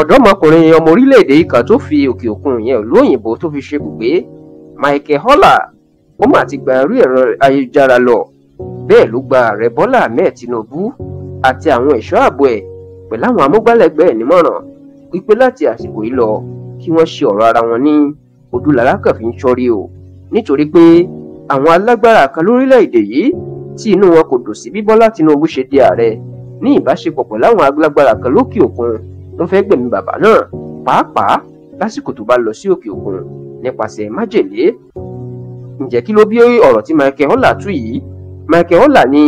ọ̀dọ́mọkùnrin ọmọ orílẹ̀-èdè yìí kan tó fi òkè òkun ìyẹn ìlú òyìnbó tó fi ṣekúpé Michael Holler ó mà ti gba orí ẹ̀rọ ayélujára lọ bẹ́ẹ̀ ló gba ààrẹ Bọ́lá Ahmed Tinubu àti àwọn ẹ̀ṣọ́ ààbò ẹ̀ pẹ̀lú àwọn amúgbálẹ́gbẹ̀ẹ́ nímọ̀ràn wípé láti àsìkò yìí lọ kí wọ́n ṣe ọ̀rọ̀ ara wọn ní ojúlàlá kan fi ń ṣọ́rí o nítorí pé àwọn alágbára kan lórílẹ̀‐èdè yìí tí inú wọn kò dùn sí bí Bọ́lá Tinubu ṣe di ààrẹ ní ìbáṣepọ̀ pẹ̀lú àwọn alágbára kan lókè òkun tó fẹ́ gbẹ̀mí bàbá náà pàápàá lásìkò tó bá lọ sí òkè òkun nípasẹ̀ májèlé ǹjẹ́ kí ló bí ọ̀rọ̀ tí Michael Ola tú yìí Michael Ola ní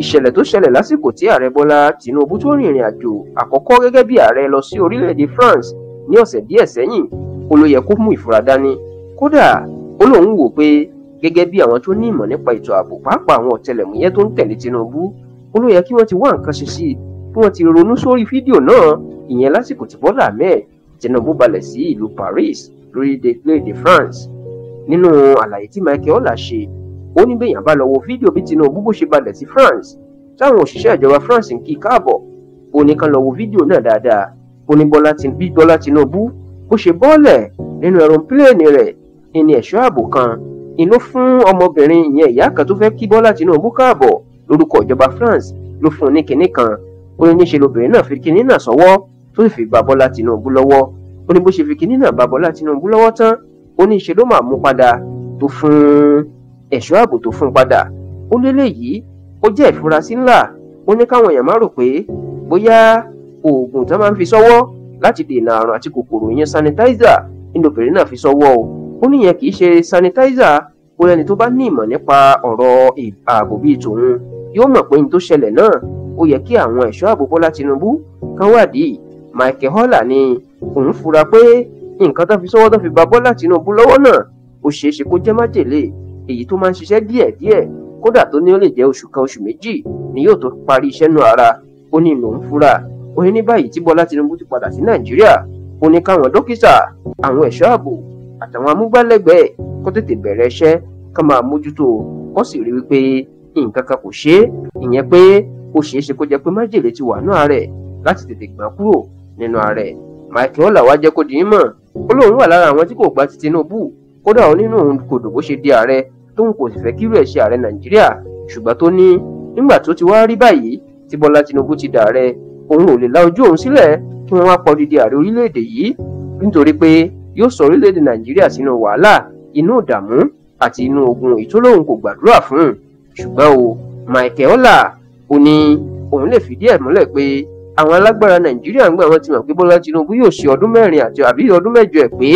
ìṣẹ̀lẹ̀ tó ṣẹlẹ̀ lásìkò tí ààrẹ Bọ́lá Tinubu tó rìnrìn àjò àkọ́kọ́ gẹ́gẹ́ bí ààrẹ lọ sí orílẹ̀-èdè France ní ọ̀sẹ̀ díẹ̀ sẹ́yìn ó ló yẹ kó mú ìfura dání kódà ó lóun wò pé gẹ́gẹ́ bí àwọn tó ní ìmọ̀ nípa ètò ààbò pàápàá àwọn ọ̀tẹlẹ̀múyẹ́ tó ń tẹ̀lé Tinubu ó ló yẹ kí wọ́n ti wá nǹkan ṣe sí i kí wọ́n ti ronú sórí fídíò náà ìyẹn lásìkò tí Bọ́lá Ahmed Tinubu balẹ̀ sí ìlú Paris lórílẹ̀‐èdè France nínú àlàyé tí Michael Ola ṣe ó ní bẹ́yàn bá lọ wo fídíò bí Tinubu bó ṣe balẹ̀ sí France táwọn òṣìṣẹ́ ìjọba France ń kí i káàbọ̀ ó ní kán lọ wo fídíò náà dáadáa ó ní bí Bọ́lá Tinubu bó ṣe bọ́ọ̀lẹ̀ nínú ẹ̀rọ̀pílẹ̀ẹ̀nì rẹ̀ ìní ẹ̀ṣọ́ ààbò kan inú fún ọmọbìnrin ìyẹn ìyá kan tó fẹ́ kí Bọ́lá Tinubu káàbọ̀ lórúkọ ìjọba France ló fún un ní kinní kan ó ní níṣe lobìnrin náà fi kinní náà sọ́wọ́ tó sì fi gba Bọ́lá Tinubu lọ́wọ́ ó ní bó ṣe fi kinní náà bá Bọ́lá Tinubu lọ́wọ́ tán ó ní ṣe ló máa mú padà tó fún ẹ̀ṣọ́ ààbò tó fún padà ó léléyìí ó jẹ́ ìfurasí ńlá ó ní káwọn èèyàn má rò pé bóyá oògùn tó máa ń fi sọ́wọ́ láti dènà àrùn àti kòkòrò yẹn sanitizer nínú obìnrin náà fi sọ́wọ́ o ó níyẹn kì í ṣe sanitizer ó lẹ́ni tó bá ní ìmọ̀ nípa ọ̀rọ̀ ààbò bíi tòun yóò mọ̀ pé ní tó ṣẹlẹ̀ náà ó yẹ kí àwọn ẹ̀ṣọ́ ààbò Bọ́lá Tinubu kan Michael Ola ní òun fura pé nǹkan tó fi sọ́wọ́ tó fi ba Bọ́lá Tinubu lọ́wọ́ náà ó ṣeé ṣe kó jẹ́ májèlé èyí tó máa ń ṣiṣẹ́ díẹ̀díẹ̀ kódà tó ní ó lè jẹ́ oṣù kan oṣù méjì ni yóò tó parí iṣẹ́ náà ara ó ní lòun fura ó ní ní báyìí tí Bọ́lá Tinubu ti padà sí Nàìjíríà ó ní káwọn dókítà àwọn ẹ̀ṣọ́ ààbò àtàwọn amúgbálẹ́gbẹ̀ẹ́ kó tètè bẹ̀rẹ̀ iṣẹ́ ká máa mójútó kó sì rí wípé nǹkan kan kò ṣe é ìyẹn pé ó ṣeé ṣe kó jẹ́ pé májèlé ti wà náà rẹ̀ láti tètè gbà kúrò nínú ààrẹ Mike wá jẹ́ kó di mímọ̀ ó lóun wà lára àwọn tí kò gbà ti Tinubu kódà ó nínú òun kò dùn bó ṣe di ààrẹ tóun kò sì fẹ́ kírú ẹ̀ ṣe ààrẹ Nàìjíríà ṣùgbọ́n tó ní nígbà tó ti wá rí báyìí tí Bọ́lá Tinubu ti dààrẹ òun ò lè la ojú òun sílẹ̀ kí wọ́n wá pọ̀ didi ààrẹ orílẹ̀-èdè yìí nítorí pé yóò sọ orílẹ̀-èdè Nàìjíríà sínú wàhálà inú ìdààmú àti inú ogun ìtólóhùn kò gbàdúrà fún un ṣùgbọ́n o Michael Ola ó ní òun lè fìdí ẹ̀ múlẹ̀ pé àwọn alágbára nàìjíríà ń gbà wọn ti mọ̀ pé bọ́lá tinubu yóò ṣe ọdún mẹ́rin àti àbí ọdún mẹ́jọ ẹ̀ pé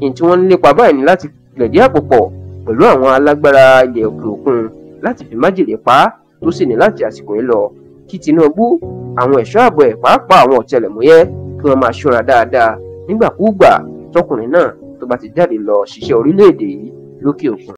ní tí wọ́n ń lépa báyìí ni láti lẹ̀dí àpò pọ̀ àwọn alágbára ilẹ̀ òkè òkun láti fi májèlé pa á tó sì ní láti àsìkò yìí lọ kí tinubu àwọn ẹ̀ṣọ́ ààbò ẹ̀ pàápàá àwọn ọ̀tẹlẹ̀múyẹ́ kí wọ́n máa ṣọ́ra dáadáa nígbàkúùgbà tọkùnrin náà tó bá ti jáde lọ ṣiṣẹ́ orílẹ̀ yìí lókè òkun